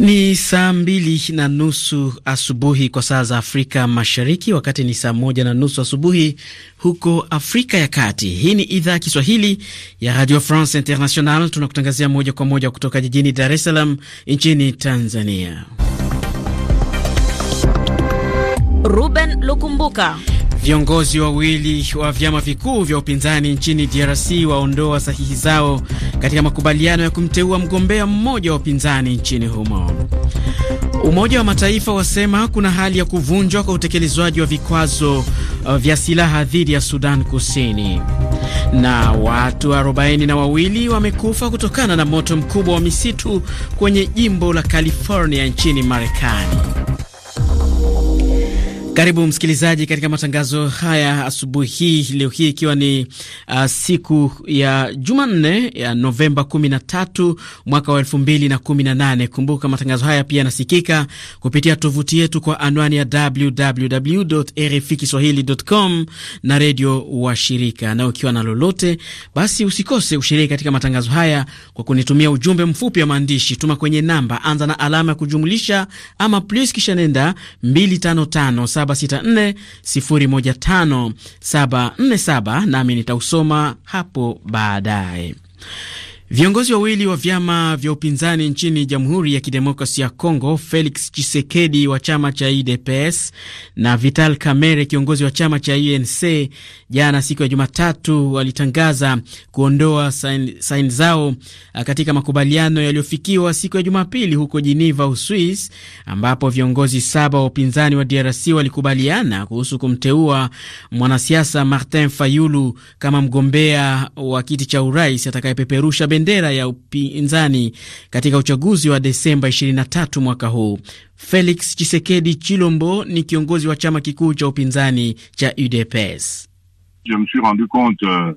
Ni saa mbili na nusu asubuhi kwa saa za Afrika Mashariki, wakati ni saa moja na nusu asubuhi huko Afrika ya Kati. Hii ni idhaa ya Kiswahili ya Radio France International, tunakutangazia moja kwa moja kutoka jijini Dar es Salaam nchini Tanzania. Ruben Lukumbuka Viongozi wawili wa vyama vikuu vya upinzani nchini DRC waondoa sahihi zao katika makubaliano ya kumteua mgombea mmoja wa upinzani nchini humo. Umoja wa Mataifa wasema kuna hali ya kuvunjwa kwa utekelezwaji wa vikwazo uh, vya silaha dhidi ya Sudan Kusini. Na watu arobaini na wawili wamekufa kutokana na moto mkubwa wa misitu kwenye jimbo la California nchini Marekani. Karibu msikilizaji katika matangazo haya asubuhi hii, leo hii ikiwa ni uh, siku ya Jumanne ya Novemba 13 mwaka wa 2018. Kumbuka matangazo haya pia yanasikika kupitia tovuti yetu kwa anwani ya www RFI kiswahili.com na redio wa shirika. Na ukiwa na lolote, basi usikose ushiriki katika matangazo haya kwa kunitumia ujumbe mfupi wa maandishi. Tuma kwenye namba, anza na alama ya kujumlisha ama plus, kisha nenda 255 0764 015747 nami nitausoma hapo baadaye. Viongozi wawili wa vyama vya upinzani nchini Jamhuri ya kidemokrasi ya congo Felix Chisekedi wa chama cha UDPS na Vital Kamerhe, kiongozi wa chama cha UNC, jana siku ya Jumatatu walitangaza kuondoa sain zao eh, katika makubaliano yaliyofikiwa siku ya Jumapili huko jiniva Uswis, ambapo viongozi saba wa upinzani wa DRC walikubaliana kuhusu kumteua mwanasiasa Martin Fayulu kama mgombea wa kiti cha urais atakayepeperusha bendera ya upinzani katika uchaguzi wa Desemba 23 mwaka huu. Felix Chisekedi Chilombo ni kiongozi wa chama kikuu cha upinzani cha UDPS. Euh,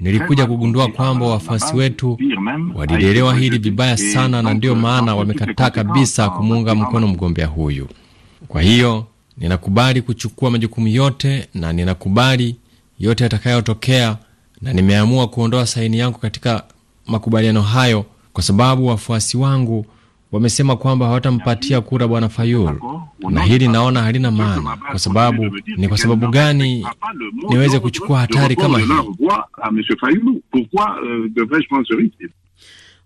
Nilikuja kugundua kwamba wafuasi wetu walilielewa hili vibaya sana, na ndiyo euh, maana wamekataa kabisa kumuunga mkono mgombea huyu. Kwa hiyo ninakubali kuchukua majukumu yote na ninakubali yote yatakayotokea na nimeamua kuondoa saini yangu katika makubaliano hayo kwa sababu wafuasi wangu wamesema kwamba hawatampatia kura bwana Fayul, na hili naona halina maana. Kwa sababu ni kwa sababu gani niweze kuchukua hatari kama hii? Uh, uh,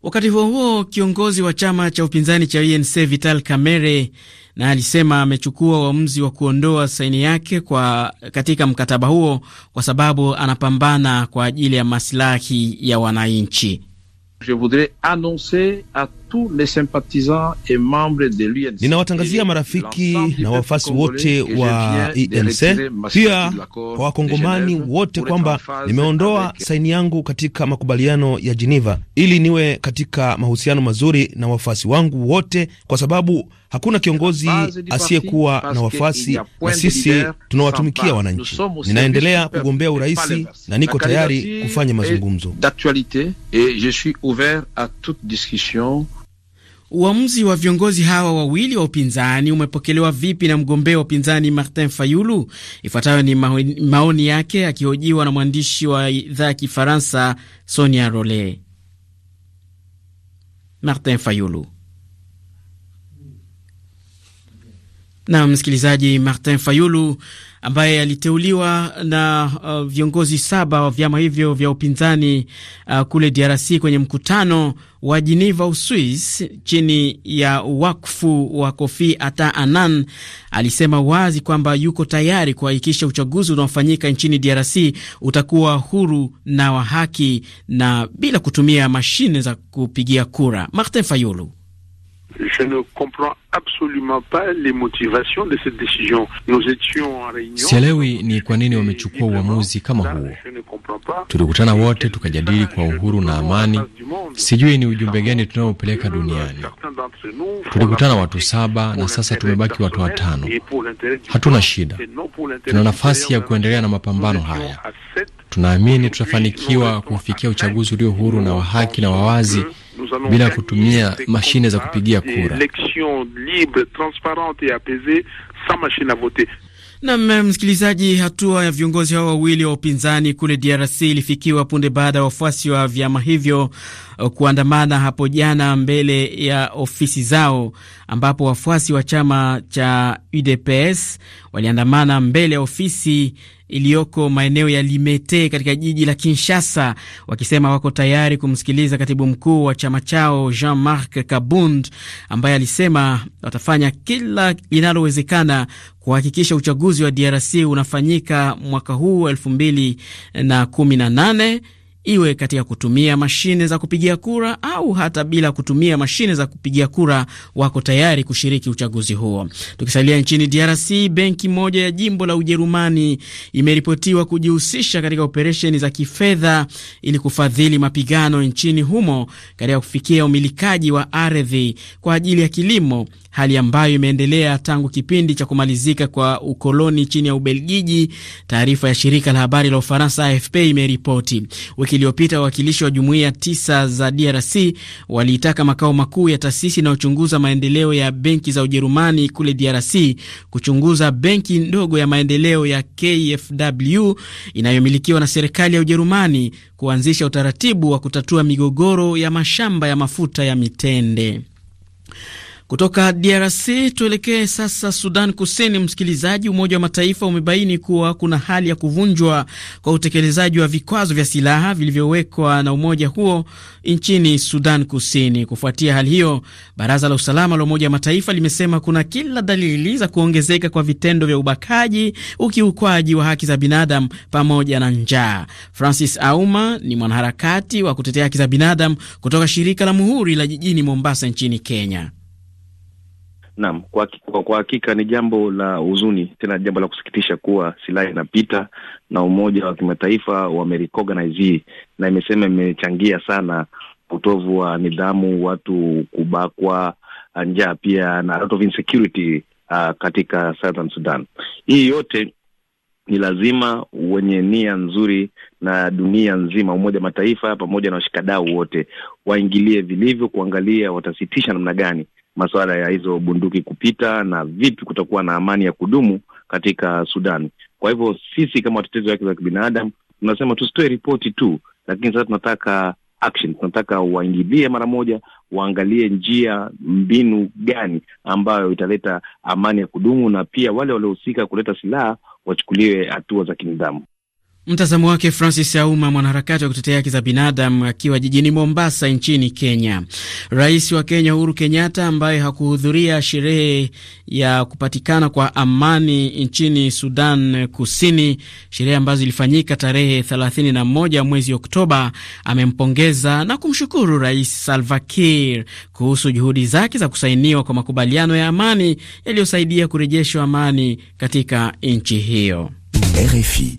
Wakati huo huo, kiongozi wa chama cha upinzani cha UNC Vital Kamerhe na alisema amechukua uamuzi wa kuondoa saini yake kwa katika mkataba huo kwa sababu anapambana kwa ajili ya masilahi ya wananchi. Ninawatangazia marafiki na wafasi wote wa ENC pia kwa wakongomani wote kwamba nimeondoa saini yangu katika makubaliano ya Geneva ili niwe katika mahusiano mazuri na wafasi wangu wote, kwa sababu Hakuna kiongozi asiyekuwa na wafasi, na sisi tunawatumikia wananchi. Ninaendelea kugombea uraisi na niko tayari kufanya mazungumzo. Uamuzi wa viongozi hawa wawili wa upinzani umepokelewa vipi na mgombea wa upinzani Martin Fayulu? Ifuatayo ni maoni yake akihojiwa na mwandishi wa idhaa ya Kifaransa Sonia role Martin Fayulu na msikilizaji Martin Fayulu ambaye aliteuliwa na uh, viongozi saba wa vyama hivyo vya upinzani uh, kule DRC kwenye mkutano wa Geneva, uswis chini ya wakfu wa Kofi Ata Annan, alisema wazi kwamba yuko tayari kuhakikisha uchaguzi unaofanyika nchini DRC utakuwa huru na wa haki na bila kutumia mashine za kupigia kura. Martin Fayulu Je ne comprends absolument pas les motivations de cette décision. Nous étions en réunion. Sielewi ni kwa nini wamechukua uamuzi kama huo. Tulikutana wote tukajadili kwa uhuru na amani. Sijui ni ujumbe gani tunaopeleka duniani. Tulikutana watu saba na sasa tumebaki watu watano. Hatuna shida, tuna nafasi ya kuendelea na mapambano haya. Tunaamini tutafanikiwa kufikia uchaguzi ulio huru na wa haki na wawazi bila kutumia mashine za kupigia kura. Nam msikilizaji, hatua ya viongozi hao wawili wa upinzani kule DRC ilifikiwa punde baada ya wafuasi wa vyama hivyo uh, kuandamana hapo jana mbele ya ofisi zao, ambapo wafuasi wa chama cha UDPS waliandamana mbele ya ofisi iliyoko maeneo ya Limete katika jiji la Kinshasa, wakisema wako tayari kumsikiliza katibu mkuu wa chama chao Jean Marc Kabund ambaye alisema watafanya kila linalowezekana kuhakikisha uchaguzi wa DRC unafanyika mwaka huu e218 iwe katika kutumia mashine za kupigia kura au hata bila kutumia mashine za kupigia kura, wako tayari kushiriki uchaguzi huo. Tukisalia nchini DRC, benki moja ya jimbo la Ujerumani imeripotiwa kujihusisha katika operesheni za kifedha ili kufadhili mapigano nchini humo katika kufikia umilikaji wa ardhi kwa ajili ya kilimo, hali ambayo imeendelea tangu kipindi cha kumalizika kwa ukoloni chini ya Ubelgiji, taarifa ya shirika la habari la Ufaransa AFP imeripoti. Wiki iliyopita wawakilishi wa jumuiya tisa za DRC waliitaka makao makuu ya taasisi inayochunguza maendeleo ya benki za Ujerumani kule DRC kuchunguza benki ndogo ya maendeleo ya KfW inayomilikiwa na serikali ya Ujerumani kuanzisha utaratibu wa kutatua migogoro ya mashamba ya mafuta ya mitende. Kutoka DRC tuelekee sasa Sudan Kusini. Msikilizaji, Umoja wa Mataifa umebaini kuwa kuna hali ya kuvunjwa kwa utekelezaji wa vikwazo vya silaha vilivyowekwa na umoja huo nchini Sudan Kusini. Kufuatia hali hiyo, Baraza la Usalama la Umoja wa Mataifa limesema kuna kila dalili za kuongezeka kwa vitendo vya ubakaji, ukiukwaji wa haki za binadamu pamoja na njaa. Francis Auma ni mwanaharakati wa kutetea haki za binadamu kutoka shirika la Muhuri la jijini Mombasa nchini Kenya. Naam, kwa, kwa, kwa hakika ni jambo la huzuni tena jambo la kusikitisha kuwa silaha inapita na Umoja wa Kimataifa wamerecognize hii na imesema imechangia sana utovu wa nidhamu, watu kubakwa, uh, njaa pia na lot of insecurity uh, katika Southern Sudan. Hii yote ni lazima wenye nia nzuri na dunia nzima, Umoja wa Mataifa pamoja na washikadau wote waingilie vilivyo, kuangalia watasitisha namna gani masuala ya hizo bunduki kupita na vipi kutakuwa na amani ya kudumu katika Sudan. Kwa hivyo sisi kama watetezi wa haki za kibinadamu tunasema tusitoe ripoti tu, lakini sasa tunataka action, tunataka waingilie mara moja, waangalie njia, mbinu gani ambayo italeta amani ya kudumu, na pia wale waliohusika kuleta silaha wachukuliwe hatua za kinidhamu. Mtazamo wake Francis Auma, mwanaharakati wa kutetea haki za binadamu akiwa jijini Mombasa nchini Kenya. Rais wa Kenya Uhuru Kenyatta, ambaye hakuhudhuria sherehe ya kupatikana kwa amani nchini Sudan Kusini, sherehe ambazo ilifanyika tarehe 31 mwezi Oktoba, amempongeza na kumshukuru Rais Salva Kiir kuhusu juhudi zake za kusainiwa kwa makubaliano ya amani yaliyosaidia kurejeshwa amani katika nchi hiyo. RFI.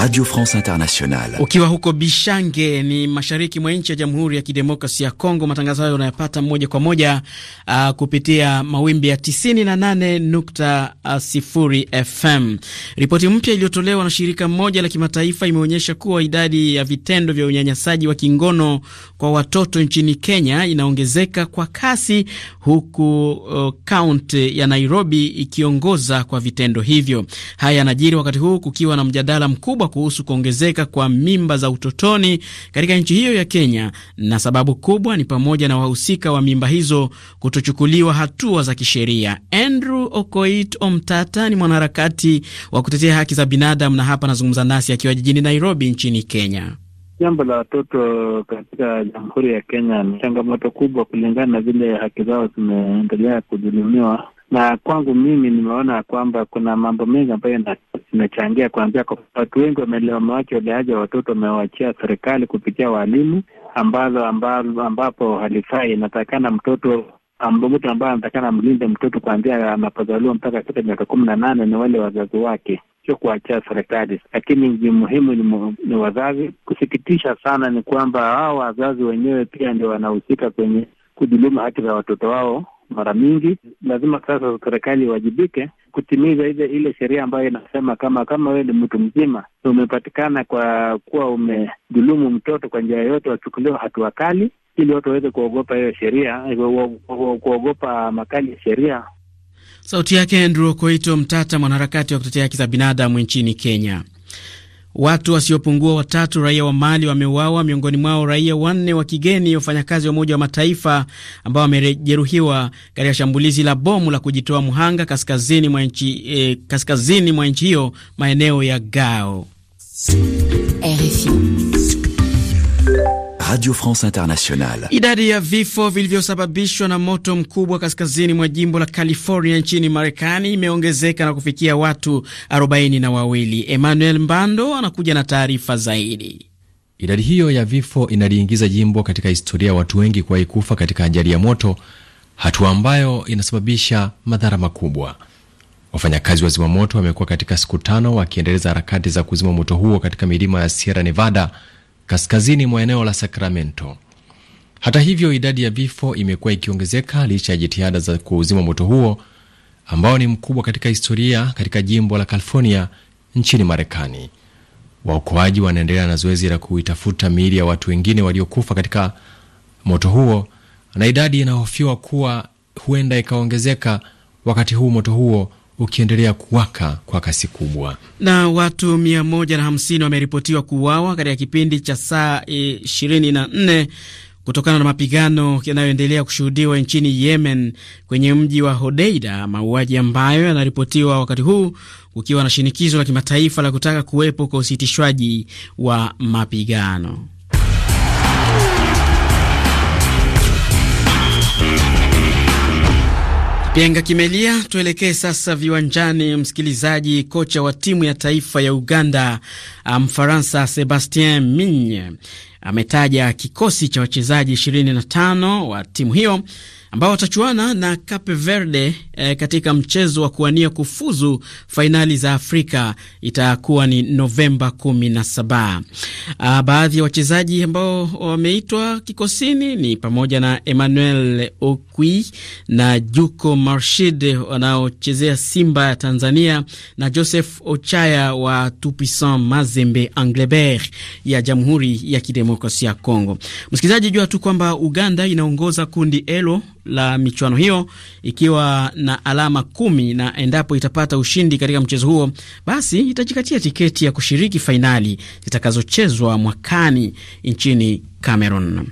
Radio France Internationale. Ukiwa huko Bishange ni mashariki mwa nchi ya Jamhuri ya Kidemokrasia ya Kongo, matangazo hayo unayapata moja kwa moja uh, kupitia mawimbi ya 98.0 FM. Ripoti mpya iliyotolewa na shirika moja la kimataifa imeonyesha kuwa idadi ya vitendo vya unyanyasaji wa kingono kwa watoto nchini Kenya inaongezeka kwa kasi huku uh, kaunti uh, ya Nairobi ikiongoza kwa vitendo hivyo. Haya yanajiri wakati huu kukiwa na mjadala mkubwa kubwa kuhusu kuongezeka kwa mimba za utotoni katika nchi hiyo ya Kenya, na sababu kubwa ni pamoja na wahusika wa mimba hizo kutochukuliwa hatua za kisheria. Andrew Okoit Omtata ni mwanaharakati wa kutetea haki za binadamu na hapa anazungumza nasi akiwa jijini Nairobi nchini Kenya. Jambo la watoto katika Jamhuri ya Kenya ni changamoto kubwa, kulingana na vile haki zao zimeendelea kudhulumiwa na kwangu mimi nimeona kwamba kuna mambo mengi ambayo inachangia kuanzia kwa watu wengi wamewake uleaji wa watoto wamewachia serikali kupitia waalimu, ambazo ambapo halifai. Inatakikana mtoto mtu ambaye anatakana mlinde mtoto kuanzia anapozaliwa mpaka sita miaka kumi na nane ni wale wazazi wake, sio kuachia serikali. Lakini muhimu ni, ni wazazi. Kusikitisha sana ni kwamba hao wazazi wenyewe pia ndio wanahusika kwenye kujuluma haki za watoto wao mara mingi. Lazima sasa serikali iwajibike kutimiza ile ile sheria ambayo inasema kama kama wewe ni mtu mzima umepatikana kwa kuwa umedhulumu mtoto kwa njia yoyote, wachukuliwa hatua kali, ili watu waweze kuogopa hiyo sheria, kuogopa makali ya sheria. Sauti yake Andrew Koito Mtata, mwanaharakati wa kutetea haki za binadamu nchini Kenya. Watu wasiopungua watatu raia wa Mali wameuawa, miongoni mwao raia wanne wa kigeni, wafanyakazi wa Umoja wa Mataifa ambao wamejeruhiwa katika shambulizi la bomu la kujitoa mhanga kaskazini mwa nchi eh, kaskazini mwa nchi hiyo maeneo ya Gao RFI. Radio France Internationale. Idadi ya vifo vilivyosababishwa na moto mkubwa kaskazini mwa jimbo la California nchini Marekani imeongezeka na kufikia watu arobaini na wawili. Emmanuel Mbando anakuja na taarifa zaidi. Idadi hiyo ya vifo inaliingiza jimbo katika historia ya watu wengi kuwahi kufa katika ajali ya moto, hatua ambayo inasababisha madhara makubwa. Wafanyakazi wa zimamoto wamekuwa katika siku tano wakiendeleza harakati za kuzima moto huo katika milima ya Sierra Nevada kaskazini mwa eneo la Sacramento. Hata hivyo, idadi ya vifo imekuwa ikiongezeka licha ya jitihada za kuuzima moto huo ambao ni mkubwa katika historia katika jimbo la California nchini Marekani. Waokoaji wanaendelea na zoezi la kuitafuta miili ya watu wengine waliokufa katika moto huo, na idadi inahofiwa kuwa huenda ikaongezeka wakati huu moto huo ukiendelea kuwaka kwa kasi kubwa, na watu 150 wameripotiwa kuuawa katika kipindi cha saa 24 e, kutokana na mapigano yanayoendelea kushuhudiwa nchini Yemen kwenye mji wa Hodeida, mauaji ambayo yanaripotiwa wakati huu kukiwa na shinikizo la kimataifa la kutaka kuwepo kwa usitishwaji wa mapigano. pienga kimelia. Tuelekee sasa viwanjani, msikilizaji. Kocha wa timu ya taifa ya Uganda Mfaransa um, Sebastien Minye ametaja kikosi cha wachezaji 25 wa timu hiyo ambao watachuana na Cape Verde eh, katika mchezo wa kuwania kufuzu fainali za Afrika itakuwa ni Novemba 17. Ah, baadhi ya wachezaji ambao wameitwa kikosini ni pamoja na Emmanuel Okwi na Juko Marshid wanaochezea Simba ya Tanzania na Joseph Ochaya wa Tupisan Mazembe Anglebert ya Jamhuri ya Kidemokrasia ya Kongo. Msikilizaji, jua tu kwamba Uganda inaongoza kundi Elo la michuano hiyo ikiwa na alama kumi na endapo itapata ushindi katika mchezo huo, basi itajikatia tiketi ya kushiriki fainali zitakazochezwa mwakani nchini Cameroon.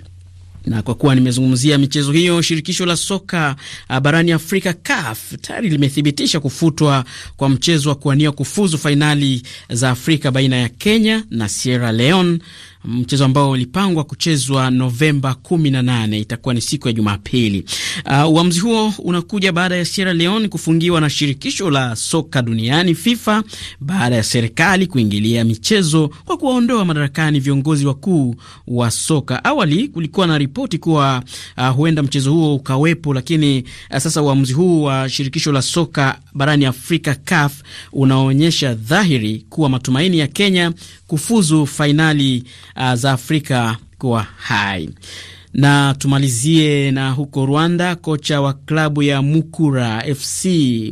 Na kwa kuwa nimezungumzia michezo hiyo, shirikisho la soka uh, barani Afrika CAF tayari limethibitisha kufutwa kwa mchezo wa kuwania kufuzu fainali za Afrika baina ya Kenya na Sierra Leone mchezo ambao ulipangwa kuchezwa Novemba 18 itakuwa ni siku ya Jumapili. Uh, uamuzi huo unakuja baada ya Sierra Leone kufungiwa na shirikisho la soka duniani FIFA baada ya serikali kuingilia michezo kwa kuwaondoa madarakani viongozi wakuu wa soka. Awali kulikuwa na ripoti kuwa uh, huenda mchezo huo ukawepo, lakini uh, sasa uamuzi huu wa shirikisho la soka barani Afrika CAF unaonyesha dhahiri kuwa matumaini ya Kenya kufuzu fainali uh, za Afrika kuwa hai. Na tumalizie na huko Rwanda, kocha wa klabu ya Mukura FC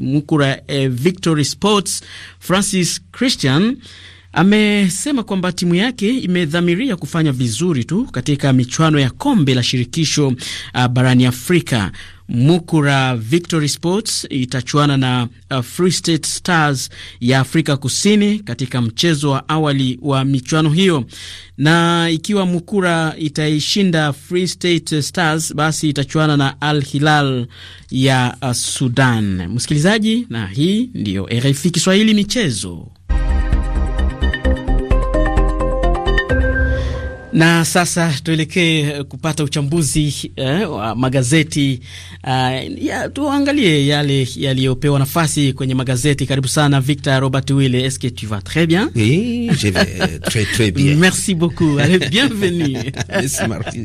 Mukura eh, Victory Sports Francis Christian amesema kwamba timu yake imedhamiria kufanya vizuri tu katika michuano ya kombe la shirikisho uh, barani Afrika Mukura Victory Sports itachuana na uh, Free State Stars ya Afrika Kusini katika mchezo wa awali wa michuano hiyo, na ikiwa Mukura itaishinda Free State Stars, basi itachuana na Al Hilal ya uh, Sudan. Msikilizaji, na hii ndiyo RFI Kiswahili michezo. Na sasa tuelekee eh, kupata uchambuzi eh, wa magazeti uh, ya, tuangalie yale yaliyopewa nafasi kwenye magazeti. Karibu sana Victor Robert Wille, est-ce que tu vas très bien? Oui, je vais très très bien. Merci beaucoup. Allez, bienvenue. Merci Martin.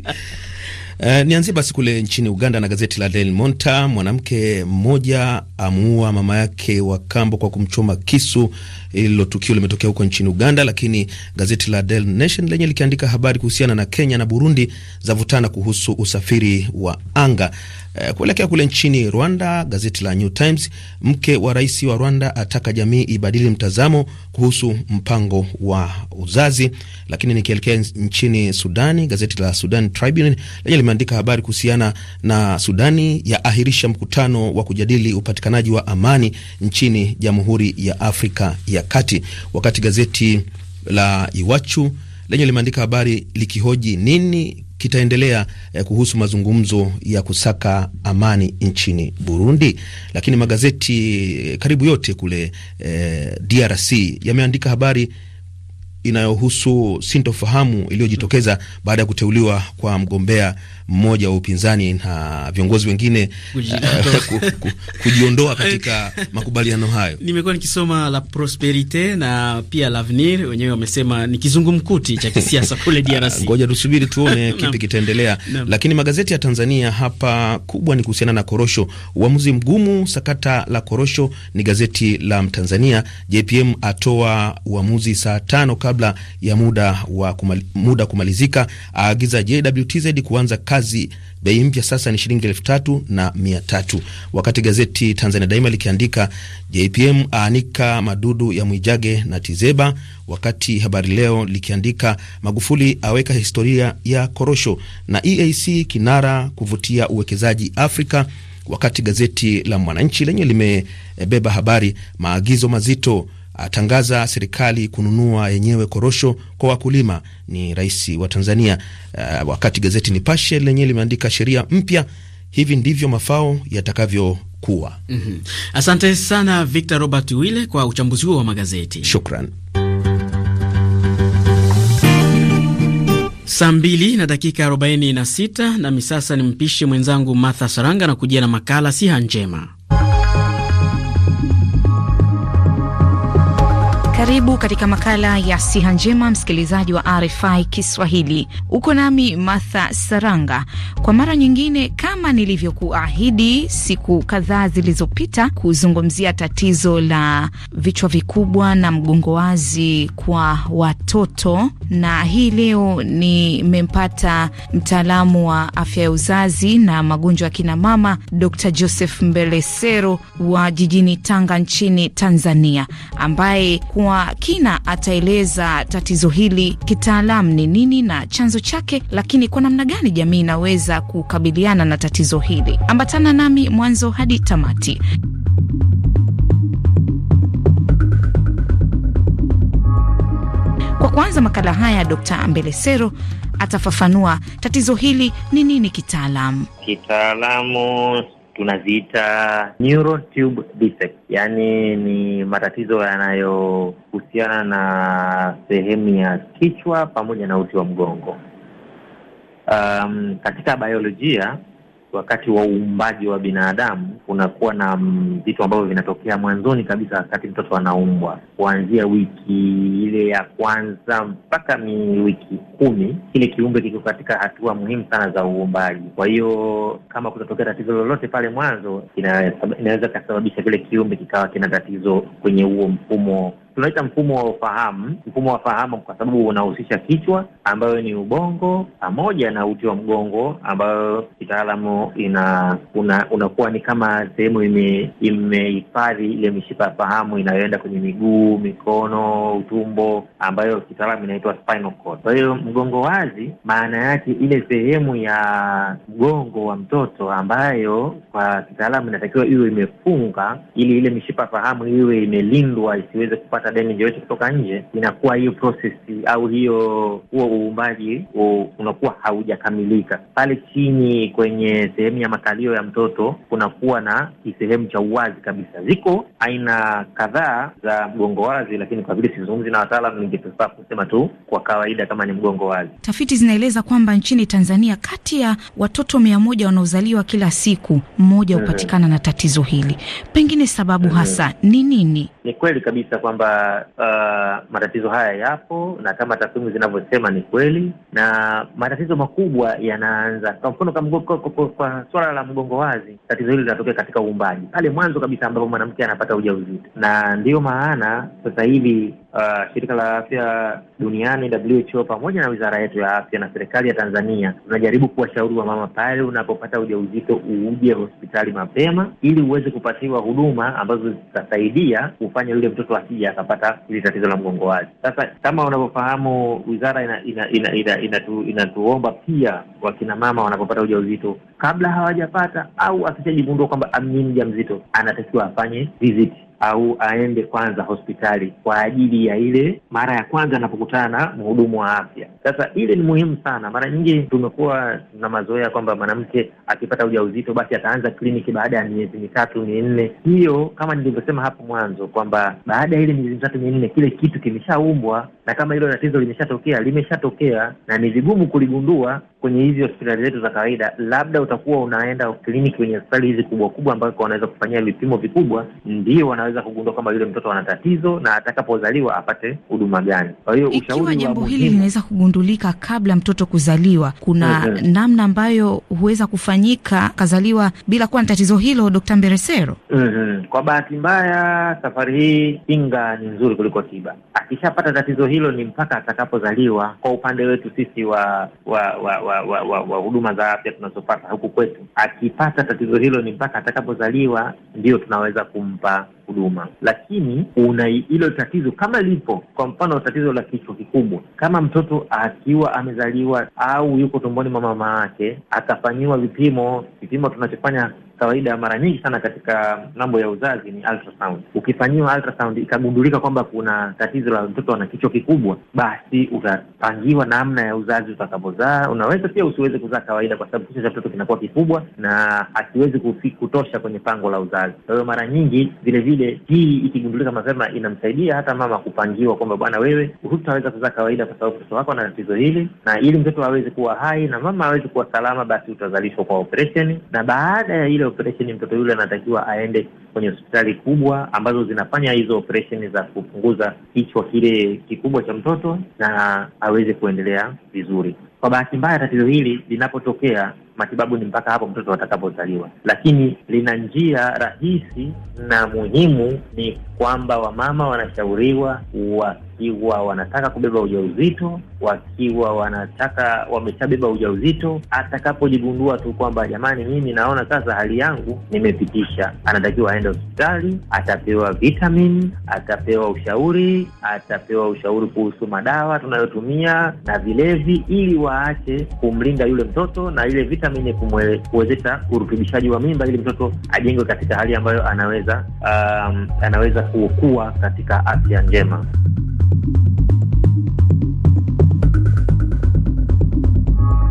Uh, nianzie basi kule nchini Uganda na gazeti la Daily Monitor. Mwanamke mmoja amuua mama yake wa kambo kwa kumchoma kisu. Hilo tukio limetokea huko nchini Uganda, lakini gazeti la Daily Nation lenye likiandika habari kuhusiana na Kenya na Burundi zavutana kuhusu usafiri wa anga. Eh, kuelekea kule nchini Rwanda, gazeti la New Times, mke wa rais wa Rwanda ataka jamii ibadili mtazamo kuhusu mpango wa uzazi. Lakini nikielekea nchini Sudani, gazeti la Sudan Tribune lenye limeandika habari kuhusiana na Sudani ya ahirisha mkutano wa kujadili upatikanaji wa amani nchini Jamhuri ya Afrika ya Kati, wakati gazeti la Iwachu lenye limeandika habari likihoji nini kitaendelea eh, kuhusu mazungumzo ya kusaka amani nchini Burundi. Lakini magazeti eh, karibu yote kule eh, DRC yameandika habari inayohusu sintofahamu iliyojitokeza baada ya kuteuliwa kwa mgombea mmoja wa upinzani na viongozi wengine eh, kujiondoa katika makubaliano hayo. Nimekuwa nikisoma La Prosperite na pia L'Avenir, wenyewe wamesema ni kizungumkuti cha kisiasa kule ah, DRC. Ngoja tusubiri tuone kipi kitaendelea. Lakini magazeti ya Tanzania hapa kubwa ni kuhusiana na korosho, uamuzi mgumu, sakata la korosho. Ni gazeti la Mtanzania. JPM atoa uamuzi saa tano kabla ya muda wa kumali, muda kumalizika, aagiza JWTZ kuanza kazi kazi. Bei mpya sasa ni shilingi elfu tatu na mia tatu. Wakati gazeti Tanzania Daima likiandika JPM aanika madudu ya Mwijage na Tizeba, wakati Habari Leo likiandika Magufuli aweka historia ya korosho na EAC kinara kuvutia uwekezaji Afrika, wakati gazeti la Mwananchi lenye limebeba habari maagizo mazito atangaza serikali kununua yenyewe korosho kwa wakulima ni rais wa Tanzania. Uh, wakati gazeti Nipashe lenyewe limeandika sheria mpya, hivi ndivyo mafao yatakavyokuwa. mm -hmm. Asante sana Victor Robert Wille kwa uchambuzi huo wa magazeti, shukran. Saa mbili na dakika 46 nami sasa ni mpishe mwenzangu Martha Saranga na kujia na makala siha njema. Karibu katika makala ya siha njema, msikilizaji wa RFI Kiswahili. Uko nami Martha Saranga kwa mara nyingine, kama nilivyokuahidi siku kadhaa zilizopita, kuzungumzia tatizo la vichwa vikubwa na mgongo wazi kwa watoto, na hii leo nimempata mtaalamu wa afya ya uzazi na magonjwa ya kinamama d Dr Joseph Mbelesero wa jijini Tanga nchini Tanzania, ambaye kwa kina ataeleza tatizo hili kitaalamu ni nini na chanzo chake, lakini kwa namna gani jamii inaweza kukabiliana na tatizo hili. Ambatana nami mwanzo hadi tamati. Kwa kuanza makala haya, Dr. Mbelesero atafafanua tatizo hili ni nini kitaalamu. Kitaalamu tunaziita neural tube defect, yaani ni matatizo yanayohusiana na sehemu ya kichwa pamoja na uti wa mgongo. Um, katika biolojia wakati wa uumbaji wa binadamu kunakuwa na mm, vitu ambavyo vinatokea mwanzoni kabisa wakati mtoto anaumbwa, kuanzia wiki ile ya kwanza mpaka ni wiki kumi, kile kiumbe kiko katika hatua muhimu sana za uumbaji. Kwa hiyo kama kutatokea tatizo lolote pale mwanzo, inaweza kasababisha kile kiumbe kikawa kina tatizo kwenye huo mfumo tunaita mfumo wa ufahamu. Mfumo wa fahamu kwa sababu unahusisha kichwa ambayo ni ubongo pamoja na uti wa mgongo ambayo kitaalamu ina una, unakuwa ni kama sehemu imehifadhi ile mishipa ya fahamu inayoenda kwenye miguu, mikono, utumbo ambayo kitaalamu inaitwa spinal cord. Kwa hiyo mgongo wazi maana yake ile sehemu ya mgongo wa mtoto ambayo kwa kitaalamu inatakiwa iwe imefunga ili ile mishipa fahamu iwe imelindwa isiweze kupata kupata damage yoyote kutoka nje, inakuwa hiyo proses au hiyo huo uumbaji unakuwa haujakamilika. Pale chini kwenye sehemu ya makalio ya mtoto kunakuwa na kisehemu cha uwazi kabisa. Ziko aina kadhaa za mgongo wazi, lakini kwa vile sizungumzi na wataalam, ningeprefer kusema tu kwa kawaida kama ni mgongo wazi. Tafiti zinaeleza kwamba nchini Tanzania kati ya watoto mia moja wanaozaliwa kila siku mmoja hupatikana mm -hmm. na tatizo hili, pengine sababu mm -hmm. hasa ni nini? Ni kweli kabisa kwamba uh, matatizo haya yapo na kama takwimu zinavyosema ni kweli, na matatizo makubwa yanaanza kwa mfano kwa, kwa, kwa, kwa swala la mgongo wazi, tatizo hili linatokea katika uumbaji, pale mwanzo kabisa ambapo mwanamke anapata ujauzito, na ndiyo maana sasa hivi Uh, shirika la afya duniani WHO pamoja na wizara yetu ya afya na serikali ya Tanzania tunajaribu kuwashauri wamama, pale unapopata ujauzito uuje hospitali mapema, ili uweze kupatiwa huduma ambazo zitasaidia kufanya yule mtoto akapata wanapata hili tatizo la mgongo wazi. Sasa kama unavyofahamu, wizara inatuomba ina, ina, ina, ina ina pia wakinamama wanapopata ujauzito, kabla hawajapata au akishajigundua kwamba ni mja mzito, anatakiwa afanye viziti au aende kwanza hospitali kwa ajili ya ile mara ya kwanza anapokutana na mhudumu wa afya. Sasa ile ni muhimu sana. Mara nyingi tumekuwa na mazoea kwamba mwanamke akipata ujauzito basi ataanza kliniki baada ya miezi mitatu minne. Hiyo kama nilivyosema hapo mwanzo kwamba baada ya ile miezi mitatu minne kile kitu kimeshaumbwa, na kama hilo tatizo limeshatokea, limeshatokea na ni vigumu kuligundua kwenye hizi hospitali zetu za kawaida, labda utakuwa unaenda kliniki kwenye hospitali hizi kubwa kubwa, ambako wanaweza kufanyia vipimo vikubwa, ndio wanaweza kugundua kama yule mtoto ana tatizo na atakapozaliwa apate huduma gani. Kwa hiyo ikiwa jambo hili linaweza kugundulika kabla mtoto kuzaliwa, kuna mm -hmm. namna ambayo huweza kufanyika akazaliwa bila kuwa na tatizo hilo, Dkt. Mberesero? mm -hmm. Kwa bahati mbaya, safari hii kinga ni nzuri kuliko tiba. Akishapata tatizo hili hilo ni mpaka atakapozaliwa. Kwa upande wetu sisi wa wa wa wa, wa, wa, wa huduma za afya tunazopata huku kwetu, akipata tatizo hilo ni mpaka atakapozaliwa ndio tunaweza kumpa huduma lakini una hilo tatizo kama lipo, kwa mfano tatizo la kichwa kikubwa, kama mtoto akiwa amezaliwa au yuko tumboni mwa mama yake akafanyiwa vipimo, kipimo tunachofanya kawaida mara nyingi sana katika mambo ya uzazi ni ultrasound. Ukifanyiwa ultrasound ikagundulika kwamba kuna tatizo la mtoto ana kichwa kikubwa, basi utapangiwa namna ya uzazi utakapozaa. Unaweza pia usiweze kuzaa kawaida, kwa sababu kichwa cha mtoto kinakuwa kikubwa na hakiwezi kutosha kwenye pango la uzazi. Kwa hiyo mara nyingi vile vile hii ikigundulika mapema inamsaidia hata mama kupangiwa kwamba bwana, wewe hutaweza kuzaa kawaida kwa sababu mtoto wako ana tatizo hili, na ili mtoto aweze kuwa hai na mama aweze kuwa salama, basi utazalishwa kwa operation, na baada ya ile operesheni, mtoto yule anatakiwa aende kwenye hospitali kubwa ambazo zinafanya hizo operesheni za kupunguza kichwa kile kikubwa cha mtoto na aweze kuendelea vizuri. Kwa bahati mbaya, tatizo hili linapotokea matibabu ni mpaka hapo mtoto atakapozaliwa, lakini lina njia rahisi na muhimu, ni kwamba wamama wanashauriwa wa wakiwa wanataka kubeba ujauzito, wakiwa wanataka wameshabeba ujauzito, atakapojigundua tu kwamba jamani, mimi naona sasa hali yangu nimepitisha, anatakiwa aende hospitali, atapewa vitamini, atapewa ushauri, atapewa ushauri kuhusu madawa tunayotumia na vilevi, ili waache kumlinda yule mtoto na ile vitamini kuwezesha urutubishaji wa mimba, ili mtoto ajengwe katika hali ambayo anaweza um, anaweza kuokua katika afya njema.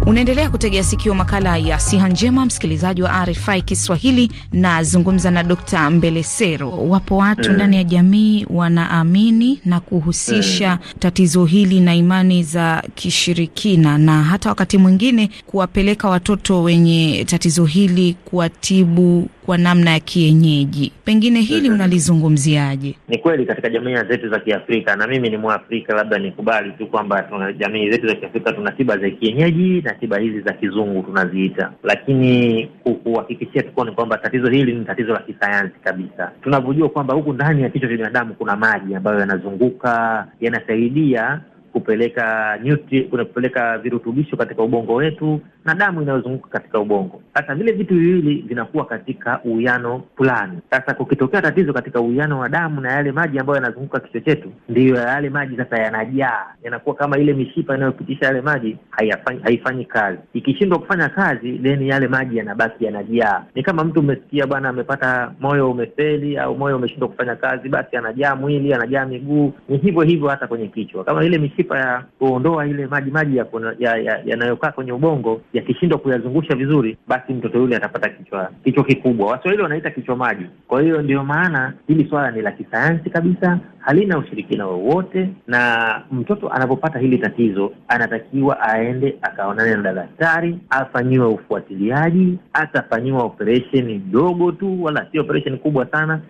Unaendelea kutegea sikio makala ya siha njema, msikilizaji wa RFI Kiswahili. Nazungumza na dkt Mbelesero. Wapo watu mm. ndani mm. ya jamii wanaamini na kuhusisha mm. tatizo hili na imani za kishirikina, na hata wakati mwingine kuwapeleka watoto wenye tatizo hili kuwatibu kwa namna ya kienyeji. Pengine hili unalizungumziaje? Ni kweli katika jamii zetu za Kiafrika, na mimi ni Mwafrika, labda nikubali tu kwamba tuna jamii zetu za Kiafrika tuna tiba za kienyeji na tiba hizi za kizungu tunaziita, lakini kuhakikishia tu ni kwamba tatizo hili ni tatizo la kisayansi kabisa. Tunavyojua kwamba huku ndani ya kichwa cha binadamu kuna maji ambayo yanazunguka yanasaidia kupeleka nyuti, kuna kupeleka virutubisho katika ubongo wetu na damu inayozunguka katika ubongo. Sasa vile vitu viwili vinakuwa katika uwiano fulani. Sasa kukitokea tatizo katika uwiano wa damu na yale maji ambayo yanazunguka kichwa chetu, ndiyo yale maji sasa yanajaa, yanakuwa kama ile mishipa inayopitisha yale maji hayafanyi, haifanyi kazi. Ikishindwa kufanya kazi, then yale maji yanabaki yanajaa. Ni kama mtu umesikia bwana amepata moyo umefeli au moyo umeshindwa kufanya kazi, basi anajaa mwili, anajaa miguu. Ni hivyo hivyo hata kwenye kichwa, kama ile mishipa mishipa ya kuondoa ile maji maji yanayokaa ya, ya kwenye ubongo yakishindwa kuyazungusha vizuri, basi mtoto yule atapata kichwa kichwa kikubwa. Waswahili wanaita kichwa maji. Kwa hiyo ndio maana hili swala ni la kisayansi kabisa, halina ushirikina wowote, na mtoto anapopata hili tatizo anatakiwa aende akaonane na daktari, afanyiwe ufuatiliaji, atafanyiwa operesheni ndogo tu, wala si operesheni kubwa sana.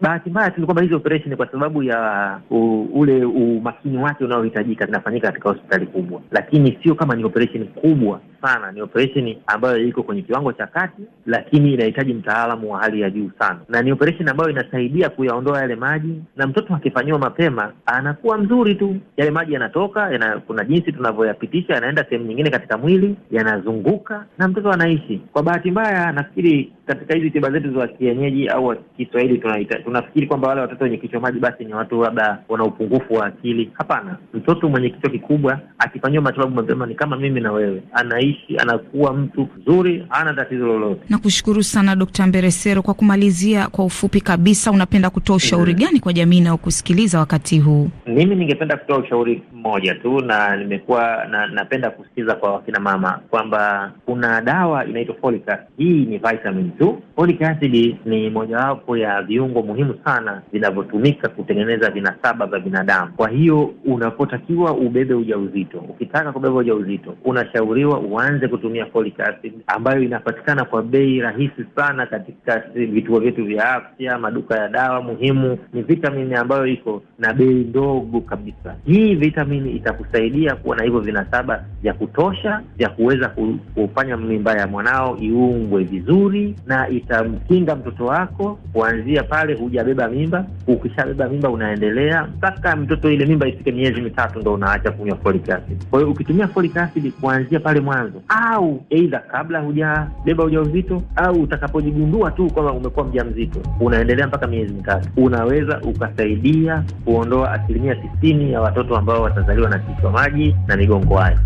Bahati mbaya tu ni kwamba hizi operesheni kwa sababu ya u, ule umakini wake unaohitajika zinafanyika katika hospitali kubwa, lakini sio kama ni operesheni kubwa sana. Ni operesheni ambayo iko kwenye kiwango cha kati, lakini inahitaji mtaalamu wa hali ya juu sana, na ni operesheni ambayo inasaidia kuyaondoa yale maji na mtoto akifanyiwa mapema anakuwa mzuri tu, yale maji yanatoka yana, kuna jinsi tunavyoyapitisha yanaenda sehemu nyingine katika mwili, yanazunguka na mtoto anaishi. Kwa bahati mbaya nafikiri katika hizi tiba zetu za kienyeji au Kiswahili tunafikiri kwamba wale watoto wenye kichwa maji basi ni watu labda wana upungufu wa akili. Hapana, mtoto mwenye kichwa kikubwa akifanyiwa matibabu mapema ni kama mimi na wewe, anaishi anakuwa mtu mzuri, hana tatizo lolote. Nakushukuru sana Dkt. Mberesero. Kwa kumalizia kwa ufupi kabisa, unapenda kutoa ushauri mm, gani kwa jamii inayokusikiliza wakati huu? Mimi ningependa kutoa ushauri mmoja tu, na nimekuwa na, napenda kusikiliza kwa wakina mama kwamba kuna dawa inaitwa folic acid. Hii ni vitamin tu. Folic acid ni mojawapo ya viungo muhimu sana vinavyotumika kutengeneza vinasaba vya binadamu. Kwa hiyo unapotakiwa ubebe ujauzito, ukitaka kubeba ujauzito, unashauriwa uanze kutumia folic acid ambayo inapatikana kwa bei rahisi sana katika vituo vyetu vya afya, maduka ya dawa. Muhimu ni vitamini ambayo iko na bei ndogo kabisa. Hii vitamini itakusaidia kuwa na hivyo vinasaba vya kutosha vya kuweza kufanya mimba ya mwanao iungwe vizuri na itamkinga mtoto wako kuanzia pale hujabeba mimba. Ukishabeba mimba unaendelea mpaka mtoto ile mimba ifike miezi mitatu, ndo unaacha kunywa folic acid. Kwa hiyo ukitumia folic acid kuanzia pale mwanzo, au eidha kabla hujabeba ujauzito au utakapojigundua tu kwamba umekuwa mja mzito unaendelea mpaka miezi mitatu, unaweza ukasaidia kuondoa asilimia tisini ya watoto ambao watazaliwa na kichwa maji na migongo hayo.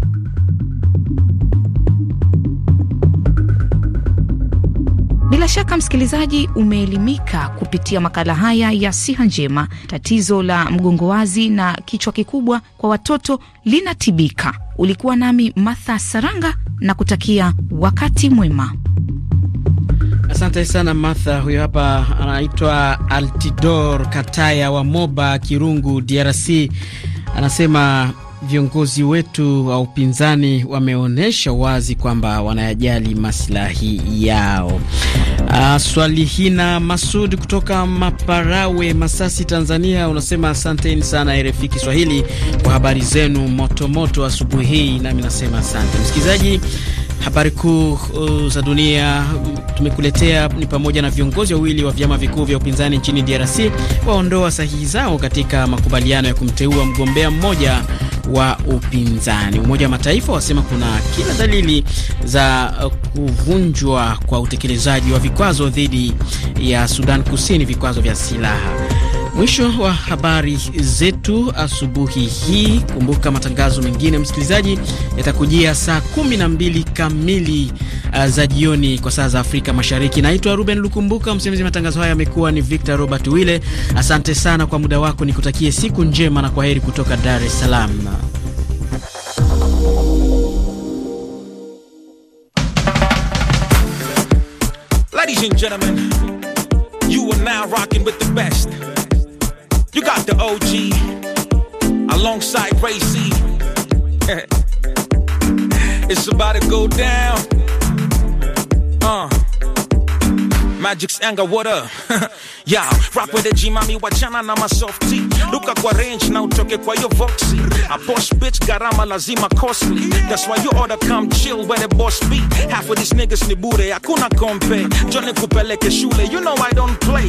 Bila shaka msikilizaji, umeelimika kupitia makala haya ya siha njema. Tatizo la mgongo wazi na kichwa kikubwa kwa watoto linatibika. Ulikuwa nami Martha Saranga na kutakia wakati mwema. Asante sana Martha. Huyo hapa anaitwa Altidor Kataya wa Moba Kirungu, DRC, anasema viongozi wetu wa upinzani wameonyesha wazi kwamba wanayajali maslahi yao. Uh, ah, Swalihina Masud kutoka Maparawe, Masasi, Tanzania, unasema asanteni sana RFI Kiswahili kwa habari zenu motomoto asubuhi hii, nami nasema asante msikilizaji. Habari kuu uh, za dunia tumekuletea ni pamoja na viongozi wawili wa vyama vikuu vya upinzani nchini DRC waondoa sahihi zao katika makubaliano ya kumteua mgombea mmoja wa upinzani. Umoja wa Mataifa wasema kuna kila dalili za uh, kuvunjwa kwa utekelezaji wa vikwazo dhidi ya Sudan Kusini, vikwazo vya silaha. Mwisho wa habari zetu asubuhi hii. Kumbuka matangazo mengine, msikilizaji, yatakujia saa 12 kamili uh, za jioni kwa saa za Afrika Mashariki. Naitwa Ruben Lukumbuka, msimamizi matangazo haya amekuwa ni Victor Robert Wille. Asante sana kwa muda wako, nikutakie siku njema na kwa heri kutoka Dar es Salaam. Ladies and gentlemen, you are now rocking with the best. You got the OG alongside Racy. it's about to go down. Uh. Magic's anger, what up? yeah, rap with the G, mami, wachana na masofti. Luka kwa range now, utoke kwa yo voxy. A boss bitch garama lazima costly. That's why you order come chill where the boss be. Half of these niggas ni akuna hakuna kompe. Johnny kupeleke shule, you know I don't play.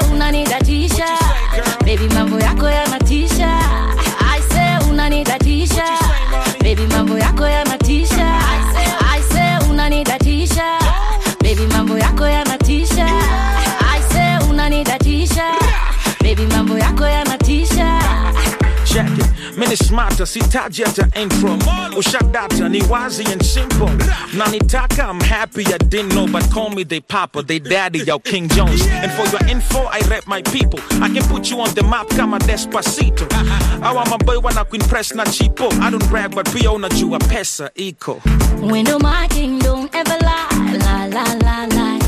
ni smata, sitaji hata intro, ushadata oh, ni wazi and simple, na nitaka I'm happy I didn't know, but call me they papa, they daddy, yo King Jones, and for your info I rap my people, I can put you on the map kama Despacito, uh-huh. awa maboy wana press na chipo, I don't brag but a unajua pesa iko. Wendo Martin don't ever lie, la la la la,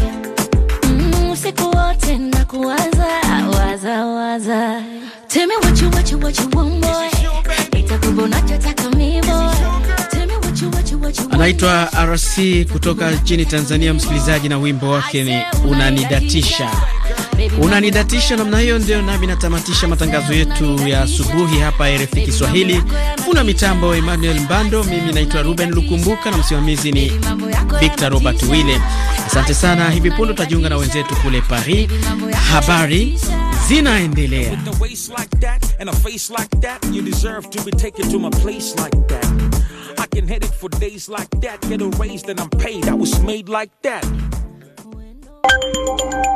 mm, usiku wote na kuwaza, waza waza, tell me what you what you what you want boy. Anaitwa RC kutoka nchini Tanzania, msikilizaji, na wimbo wake ni unanidatisha unanidatisha namna hiyo. Ndio nami natamatisha matangazo yetu ya asubuhi hapa RFI Kiswahili. Kuna mitambo Emmanuel Mbando, mimi naitwa Ruben Lukumbuka na msimamizi ni Victor Robert Wille. Asante sana. Hivi punde tutajiunga na wenzetu kule Paris. Habari zinaendelea.